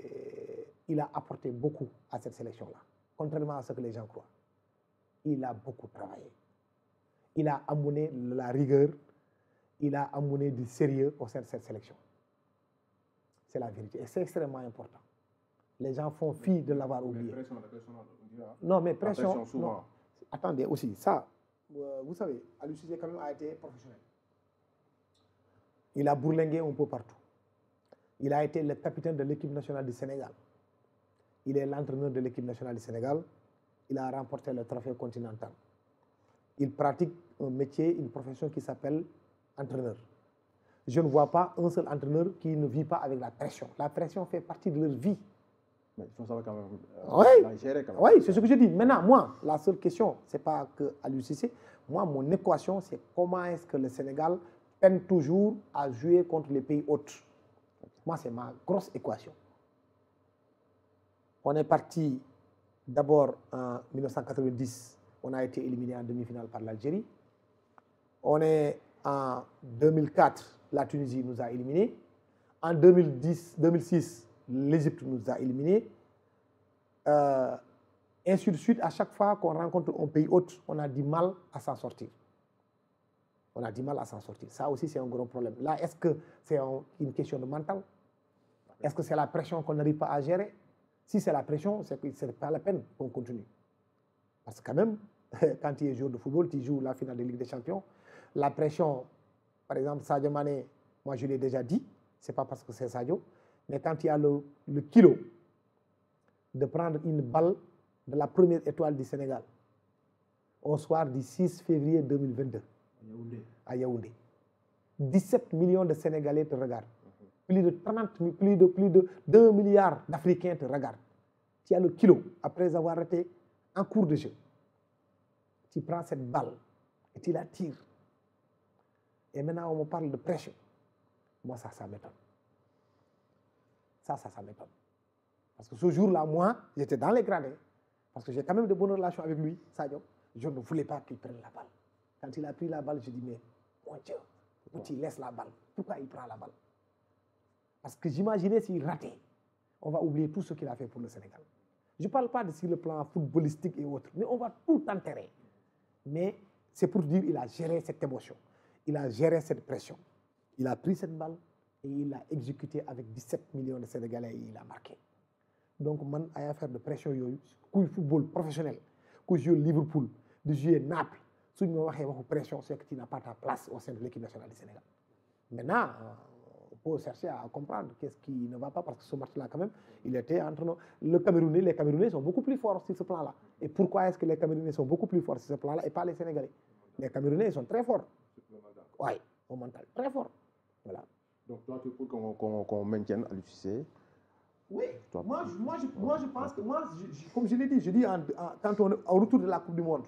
il a apporté beaucoup à cette sélection-là, contrairement à ce que les gens croient. Il a beaucoup travaillé. Il a amené la rigueur, il a amené du sérieux au sein de cette sélection. C'est la vérité et c'est extrêmement important les gens font fi de l'avoir oublié. non, mais pression. Attendez aussi, ça, euh, vous savez, al quand même a été professionnel. Il a bourlingué un peu partout. Il a été le capitaine de l'équipe nationale du Sénégal. Il est l'entraîneur de l'équipe nationale du Sénégal. Il a remporté le trophée continental. Il pratique un métier, une profession qui s'appelle entraîneur. Je ne vois pas un seul entraîneur qui ne vit pas avec la pression. La pression fait partie de leur vie. Euh, oui, c'est ce que je dis. Maintenant, moi, la seule question, ce n'est pas que à l'UCC. Moi, mon équation, c'est comment est-ce que le Sénégal peine toujours à jouer contre les pays autres. Moi, c'est ma grosse équation. On est parti d'abord en 1990. On a été éliminé en demi-finale par l'Algérie. On est en 2004, la Tunisie nous a éliminés. En 2010, 2006, l'Égypte nous a éliminés. Et euh, ainsi suite, à chaque fois qu'on rencontre un pays autre, on a du mal à s'en sortir. On a du mal à s'en sortir. Ça aussi, c'est un gros problème. Là, est-ce que c'est une question de mental Est-ce que c'est la pression qu'on n'arrive pas à gérer Si c'est la pression, c'est que ce n'est pas la peine qu'on continue. Parce que quand même, quand il es joueur de football, tu joues la finale de Ligue des Champions, la pression, par exemple, Sadio Mane, moi je l'ai déjà dit, c'est pas parce que c'est Sadio, mais quand il y a le, kilo de prendre une balle de la première étoile du Sénégal, au soir du 6 février 2022, à Yaoundé, 17 millions de Sénégalais te regardent. Plus de 30 plus de, plus de 2 milliards d'Africains te regardent. Tu as le kilo après avoir été en cours de jeu. Tu prends cette balle et tu la tires. Et maintenant, on me parle de pression. Moi, ça, ça m'étonne. Ça, ça, ça m'étonne. Parce que ce jour-là, moi, j'étais dans les gradins, parce que j'ai quand même de bonnes relations avec lui, Sadio. Je ne voulais pas qu'il prenne la balle. Quand il a pris la balle, je dis, mais mon Dieu, pourquoi il laisse la balle, pourquoi il prend la balle Parce que j'imaginais s'il ratait, on va oublier tout ce qu'il a fait pour le Sénégal. Je ne parle pas de le plan footballistique et autres, mais on va tout enterrer. Mais c'est pour dire qu'il a géré cette émotion, il a géré cette pression. Il a pris cette balle, et il l'a exécuté avec 17 millions de Sénégalais et il a marqué. Donc, man, ay affaire de pression sur le football professionnel ku le Liverpool sur jouer Naples suñ ma waxee waxu pression c'est que tu n'as pas ta place au sein de l'équipe nationale du Sénégal. Maintenant, on peut chercher à comprendre qu'est-ce qui ne va pas parce que ce match-là, quand même, il était entre nous. Le Camerounais, les Camerounais sont beaucoup plus forts sur ce plan-là. Et pourquoi est-ce que les Camerounais sont beaucoup plus forts sur ce plan-là et pas les Sénégalais Les Camerounais, sont très forts. Oui, au mental, très forts.
Voilà. Donc toi, tu pour qu'on
maintienne à l'UCC Oui, moi, je, pense que, comme je l'ai dit, je dis quand on, au retour de la Coupe du Monde,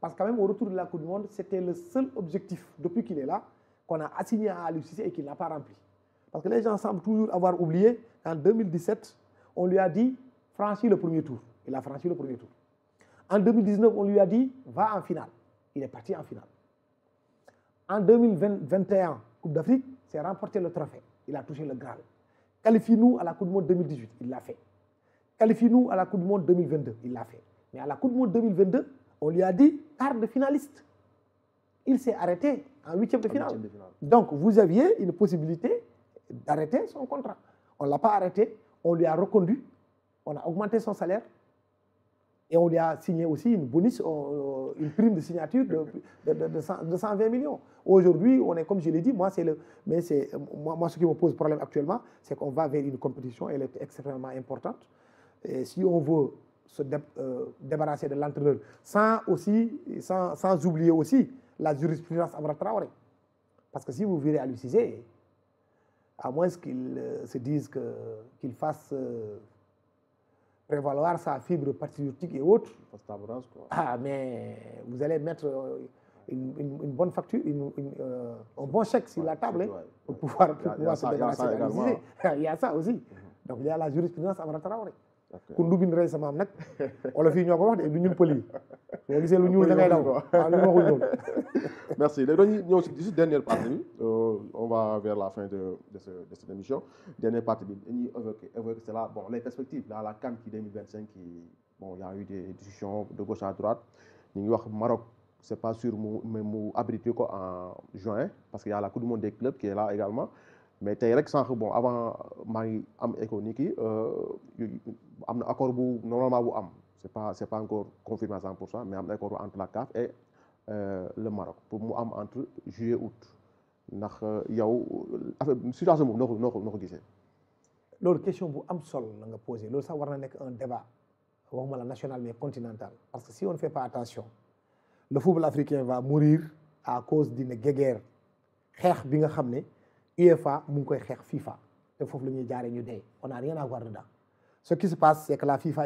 parce que même au retour de la Coupe du Monde, c'était le seul objectif depuis qu'il est là, qu'on a assigné à l'UCC et qu'il n'a pas rempli. Parce que les gens semblent toujours avoir oublié qu'en 2017, on lui a dit franchis le premier tour. Il a franchi le premier tour. En 2019, on lui a dit va en finale. Il est parti en finale. En 2021, Coupe d'Afrique, il a remporté le trophée. Il a touché le Graal. Qualifie-nous à la Coupe du Monde 2018. Il l'a fait. Qualifie-nous à la Coupe du Monde 2022. Il l'a fait. Mais à la Coupe du Monde 2022, on lui a dit quart de finaliste. Il s'est arrêté en huitième de, de finale. Donc, vous aviez une possibilité d'arrêter son contrat. On ne l'a pas arrêté. On lui a reconduit. On a augmenté son salaire. Et on lui a signé aussi une bonus, euh, euh, une prime de signature de, 120 millions. Aujourd'hui, on est, comme je l'ai dit, moi, c'est le, mais moi, ce qui me pose problème actuellement, c'est qu'on va vers une compétition, elle est extrêmement importante. Et si on veut se euh, débarrasser de l'entraîneur, sans sans, oublier aussi la jurisprudence Amra Parce que si vous virez à l'UCC, à moins qu'il se dise que, qu'il fasse prévaloir sa fibre patriotique et autres. Ah, mais vous allez mettre euh, une, bonne facture, euh, un bon chèque sur la table hein, pour pouvoir, se Il y a ça aussi. Mhm. Donc il y a la jurisprudence à Traoré ku ndubin rey sa maam nag olof yi ñoo wax de du ñun pël yi soo gisee lu ñuul da ngay daw waaw ah, lu waxul ñoom
merci léegi dañuy ñëw si dernière partie bi euh, on va vers la fin de de ce de cette émission dernière partie bi dañuy évoquer évoquer cela bon les perspectives dans la CAN qui 2025 qui bon y a eu des discussions de gauche à droite ñi ngi wax Maroc c'est pas sûr mu mais mu abrité ko en juin parce qu'il y a la Coupe du monde des clubs qui est là également mais tay rek sank bon avant ma ngi am écho ni kii euh, accord bu normalement bu am c'est pas c'est pas encore confirmé à 100 mais amna accord entre la CAF et euh, le Maroc pour mu am entre juillet août ndax euh, yow affaire situation boobu noko noko noo
ko question bu am sol la nga posé lolu sax war na un débat waxuma la national mais continental parce que si on ne fait pas attention le football africain va mourir à cause d'une guerre xex bi nga xamné UEFA mu koy FIFA te la ñuy ñu on n'a rien à voir dedans ce qui se passe c'est que la FIFA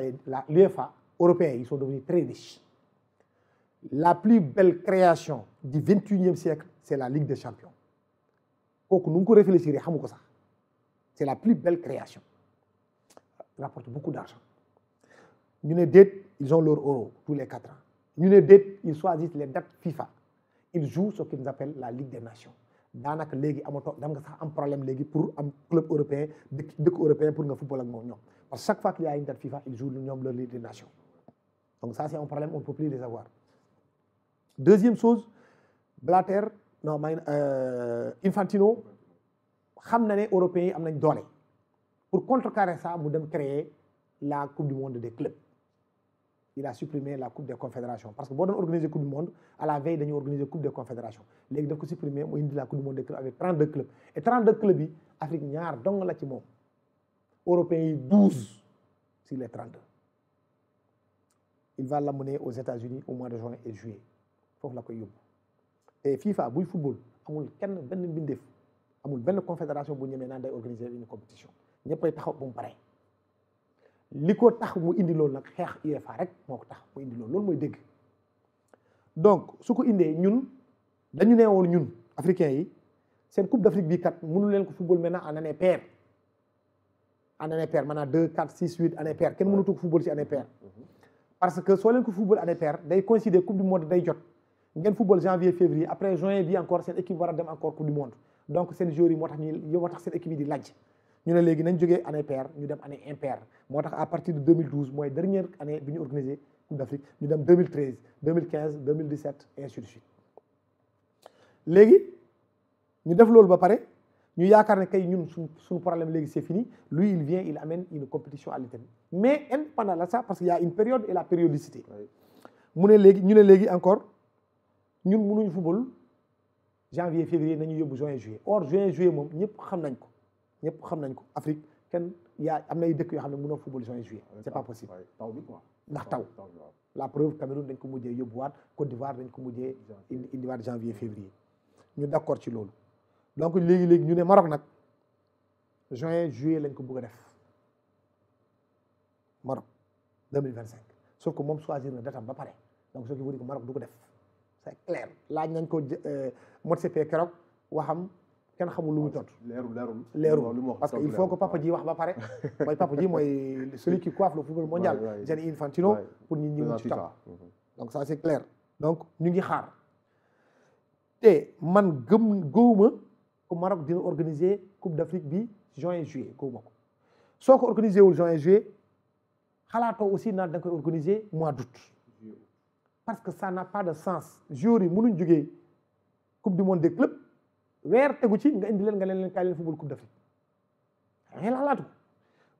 l'UEFA européens ils sont devenus très riches la plus belle création du 21e siècle c'est la Ligue des champions Donc, nous ko réfléchir yi ça. c'est la plus belle création rapporte beaucoup d'argent ñu ils ont leur euro tous les quatre ans ñu ils choisissent les dates FIFA ils jouent ce qu'ils appellent la Ligue des Nations il léegi amoto dem nga sax am problème pour am club européen dëkk européen pour nga football ak parce chaque fois qu'il y a une FIFA ils jouent l'Union leur Ligue des Nations donc ça c'est un problème on ne peut plus les avoir deuxième chose Blatter non euh, Infantino xam na né européens ont am nañ pour contrecarrer ça mu dem créer la coupe du monde des clubs il a supprimé la coupe des confédérations parce que on organise la coupe du monde à la veille organise la coupe des confédérations Les a supprimé la coupe du monde avec 32 clubs et 32 clubs yi Afrique ñaar dong la ci européens 12 sur les 32 il va l'amener aux États-Unis au mois de juin et juillet foofu la koy yóbbu Et FIFA le football amul kenn benn mbindeef amul benn confédération bu ñemee naan day organiser une compétition ñëppay taxaw bu mu compétition li ko tax mu indi loolu nag xeex UEFA rek moo ko tax mu indi loolu loolu mooy dëgg donc su ko indee ñun dañu nee ñun africain yi seen coupe d'Afrique bi kat mënu leen ko football maintenant en année paire en année paire maanaam 2 4 6 8 année paire kenn mënu ko football ci année paire. parce que soo leen ko football année paire day coïncider coupe du monde day jot ngeen football janvier février après juin bi encore seen équipe war a dem encore coupe du monde donc seen joueurs yi moo tax ñuy moo tax seen équipe yi di laaj. Nous avons fait des années année paire année à partir de 2012 la dernière année bi ñu organisé Coupe d'Afrique ñu en 2013 2015 2017 et ainsi de suite Nous avons def loolu ba pare ñu avons fait kay ñun suñu problème c'est fini lui il vient il amène une compétition à l'Italie mais il ça parce qu'il y a une période et la périodicité Nous, avons ñu ne nous encore ñun football janvier février nous avons besoin de juillet or juin juillet nous avons fait. nañ ko ñëpp xam nañ ko Afrique kenn ya am nay dëkk yoo xam ne mënoo football juin juillet c'est pas possible taw bi quoi ndax taw la preuve Cameroun dañ ko mujjee yóbbuwaat Côte d'Ivoire dañ ko mujjee indiwaat janvier février ñu d'accord ci loolu donc léegi léegi ñu ne Maroc nag juin juillet lañ ko bëgg a def Maroc 2025 sauf que moom choisir na datam ba pare donc ce qui veut dire que Maroc du ko def c'est clair laaj nañ ko euh, mot CP keroog waxam xamul lu
mu ah, parce que il faut que papa
ji wax ba pare mooy papa ji que celui qui coiffe le football mondial Gianni Infantino pour ñi ñi ci mhm. donc ça c'est clair donc ñu ngi xaar te man gëm gëwuma que Maroc dina organiser coupe d'Afrique bi juin et juillet gëwuma ko soo ko organiser juin et juillet xalaatoo aussi naan da organiser mois d'août parce que ça n'a pas de sens jour yi mënuñ jógee coupe du monde des clubs wer teguchi nga indi len nga len kay len football coupe d'afrique rien la latu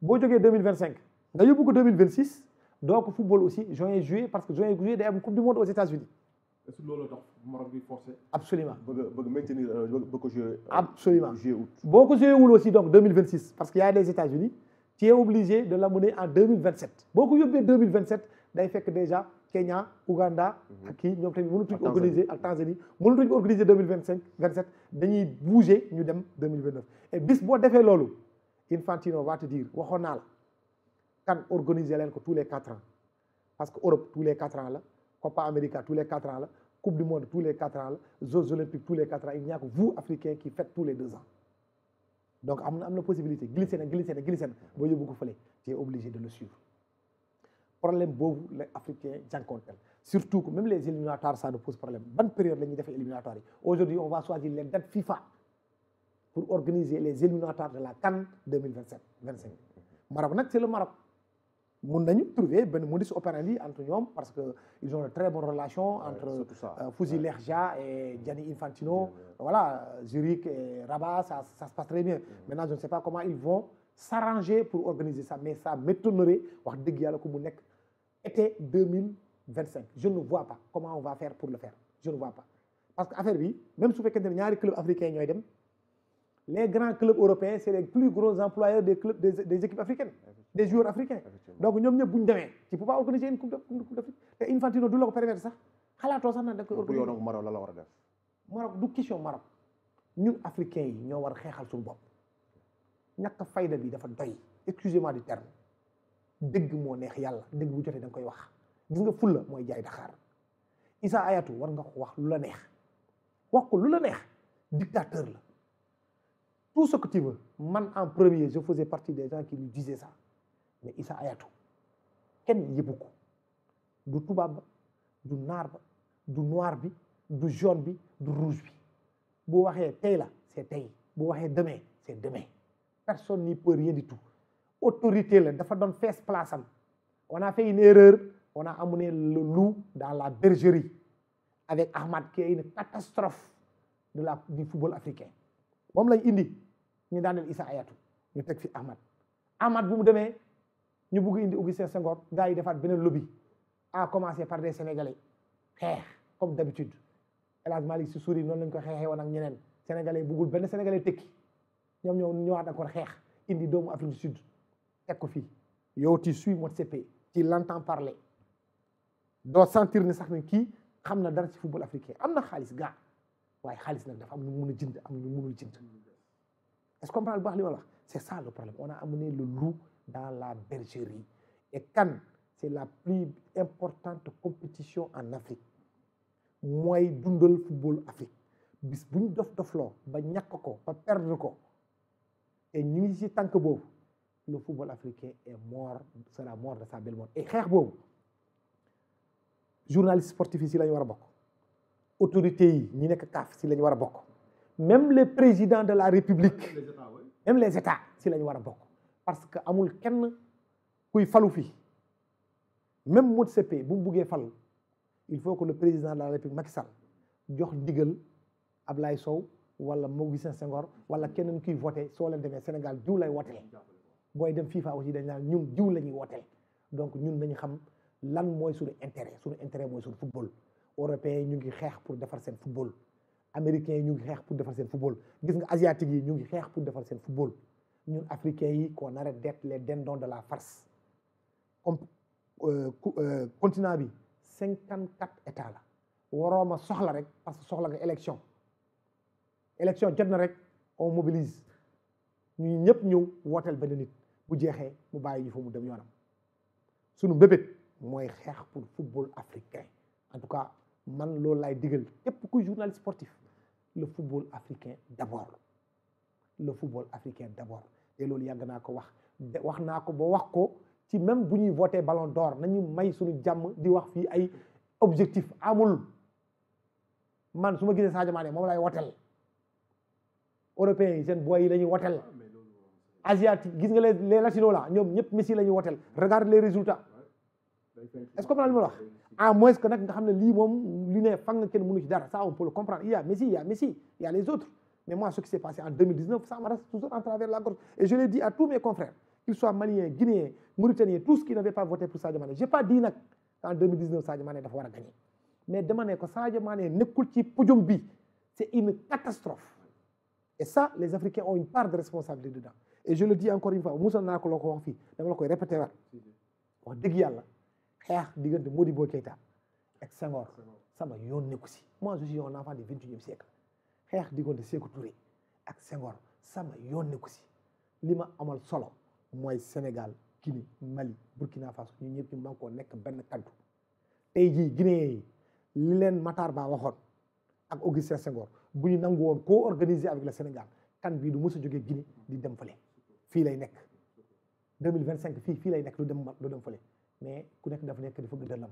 bo joge 2025 nga yobou ko 2026 donc football aussi juin juillet parce que juin juillet day am coupe du monde aux états-unis
est-ce lolo tax morok bi forcer
absolument beug beug maintenir beug jouer euh, absolument jouer août boko jouer aussi donc 2026 parce qu'il y a des états-unis qui es obligé de l'amener en 2027 boko en 2027 day fek déjà Kenya, Ouganda, qui nous organisé à Tanzanie, nous avons organisé 2025, 2027, ont bougé, en 2029. Et si fait ça, Infantino va te dire, on avez organiser tous les 4 ans. Parce que tous les 4 ans, Copa América, tous les 4 ans, Coupe du Monde, tous les 4 ans, les Jeux Olympiques, tous les 4 ans, il n'y a que vous, Africains, qui faites tous les 2 ans. Donc, il y a possibilité, glisser, glisser, glisser, glisser, vous avez beaucoup J'ai obligé de le suivre problème boobu les Africains. jànkonteel surtout que même les éliminatoires ça nous pose problème ban période la ñuy éliminatoires aujourd'hui on va choisir les dates FIFA pour organiser les éliminatoires de la CAN 2027 25 Maroc c'est le Maroc mun nañu trouver benn modus operandi entre ñoom parce qu'ils ont de très bonnes relations entre euh, Fouzi Lerja et Gianni Infantino voilà Zurich et Rabat ça se passe très bien maintenant je ne sais pas comment ils vont s'arranger pour organiser ça mais ça m'étonnerait wax pas yàlla ko été 2025 je ne vois pas comment on va faire pour le faire je ne vois pas parce que même si vous club africain les grands clubs européens c'est les plus gros employeurs des clubs des, équipes africaines des joueurs africains donc nous ne peuvent pas organiser une coupe d'Afrique Et Infantino permettre Maroc Maroc Nous africains excusez-moi du terme deug mo neex yalla deug bu jotee dang koy wax gis nga fulla moy jaay daxaar isa ayatu war nga wax lula neex wax ko lula neex dictateur la tout ce que tu veux man en premier je faisais partie des gens qui lui disaient ça mais isa ayatu ken yëbu du tubaab du naar du noir bi du jaune bi du rouge bi bu waxé tay la c'est tay bu waxé demain c'est demain personne n'y peut rien du tout autorité la dafa don fess place am on a fait une erreur on a amené le loup dans la bergerie avec Ahmad qui est une catastrophe de la du football africain mom lañ indi ñu daaneel isa ayatu ñu tek fi Ahmad Ahmad bu mu démé ñu bëgg indi Augustin Senghor gaay defat benen lobby a commencé par des sénégalais xex comme d'habitude El Hadj Malick Sy Souris noonu lañ ko xexé won ak ñeneen sénégalais bëggul benn sénégalais tekki ñom ñoo ñëwaat akor xex indi doomu Afrique du Sud teg ko yow tu suis Motsepe tu l'entends parler Doit sentir ne sax ne qui xam na dara ci football africain Amna Khalis Ga, ouais Khalis n'a nag dafa am ñu mun a am ñu est-ce que parle bu baax li ma c'est ça le problème on a amené le loup dans la bergerie et quand c'est la plus importante compétition en Afrique mooy dundal football Afrique bis bu dof doflo, ba ñàkk ko ba perdre ko Et ñu ngi tant que le football africain est mort sera mort de sa belle mort et xeex journaliste sportif s'il a bokk autorités yi ñi nekk kaf si la ñu war même les présidents de la république même les états s'il a ñu war parce que amul kenn kuy fallu fi. même Motsepe bu mu buggee falu il faut que le président de la république Macky Sall jox ndigal Ablaye Sow wala Maguissène Senghor wala keneen kuy voté soo leen demee Sénégal du lay woteel booy dem FIFA aussi dañ naan ñun jiw la ñuy wooteel donc ñun nañu xam lan mooy suñu intérêt suñu intérêt mooy suñu football européens yi ñu ngi xeex pour defar seen football américains yi ñu ngi xeex pour defar seen football gis nga asiatiques yi ñu ngi xeex pour defar seen football ñun africain yi ko nare d'être les dindons de la farce comme euh, euh, continent bi cinquante quatre états la waroo ma soxla rek parce que soxla nga élection élection jot na rek on mobilise ñu ñëpp ñëw wooteel benn nit bu jeexee mu bàyyi ñu fu mu dem yoonam suñu mbébét moy xeex pour football africain en tout cas man lo lay digal képp ku journaliste sportif le football africain d'abord le football africain d'abord et loolu yàgg naa ko wax wax naa ko ba wax ko ci même bu ñuy voté ballon d'or nañu may suñu jamm di wax fi ay objectif amul man suma ma sa Sadio mom lay laay européen sen boy yi la ñuy les les les latinos là Messi la regarde les résultats est-ce que vous comprenez à moins que nag nga ne lii qui li ne fang ça on peut le comprendre il y a Messi il y a Messi il y a les autres mais moi ce qui s'est passé en 2019 ça me reste toujours en travers la gorge et je l'ai dit à tous mes confrères qu'ils soient maliens guinéens mauritaniens tous qui n'avaient pas voté pour Sadio Mané n'ai pas dit qu'en 2019 Sadio Mané dafa gagner mais dama que ko Sadio Mané pas ci podium c'est une catastrophe et ça les Africains ont une part de responsabilité dedans et je le dis encore une fois Moussa naa ko la wax fii dama la koy répété waat wax dëgg yàlla xeex diggante Modibo Keïta ak Senghor sama yoon nekku si moi je suis un enfant du 21e siècle xeex diggante Sékou Touré ak Senghor sama yoon nekku si li amal solo moy Sénégal Guinée Mali Burkina Faso ñu ñëpp ci manko nek ben benn kaddu tey Guinée li len Matar Ba waxoon ak Augustin Senghor bu ñu nangu won co-organiser avec le Sénégal kan bi du mos a Guinée di dem fale fii lay nekk 2025 mille vingt fii fii lay nekk dem dem fële mais ku nekk dafa nekk dafa gëddalam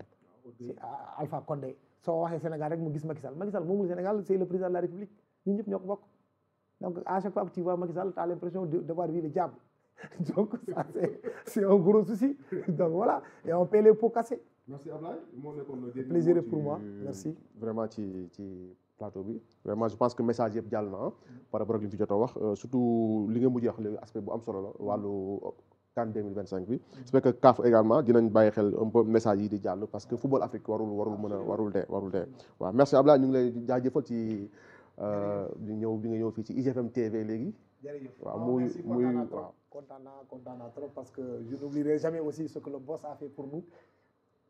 si ah, ah, Alpha Condé soo waxee Sénégal rek mu gis Macky makisal Sénégal c'est le président de la République ñun ñëpp ñoo ko donc à chaque fois que tu vois Macky tu as l'impression d'avoir vu le diable donc ça c'est un gros souci donc voilà et on paie les pots cassés
merci Ablaye moo nekkoon plaisir pour moi merci vraiment ci ci plateau bi vraiment je pense que message yëpp jàll na ah. par rapport ak li ñu fi jot a wax euh, surtout li nga mujjee wax léegi aspect bu am solo la wàllu CAN bi j'espère que CAF également dinañ bàyyi xel message yi di jàll parce que football Afrique warul warul warul dee warul merci Abdoulaye ñu ngi lay jaajëfal ci euh, di ñëw bi nga ñëw fii ci IGFM TV léegi jërëjëf waaw muy muy waaw
kontaan parce que je n'oublierai jamais aussi ce que le boss a fait pour nous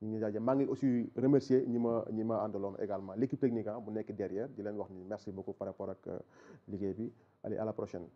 Je ngi aussi remercier Nima ma également l'équipe technique bu ah, nekk derrière di leen wax ni merci beaucoup par rapport à euh, ligue bi allez à la prochaine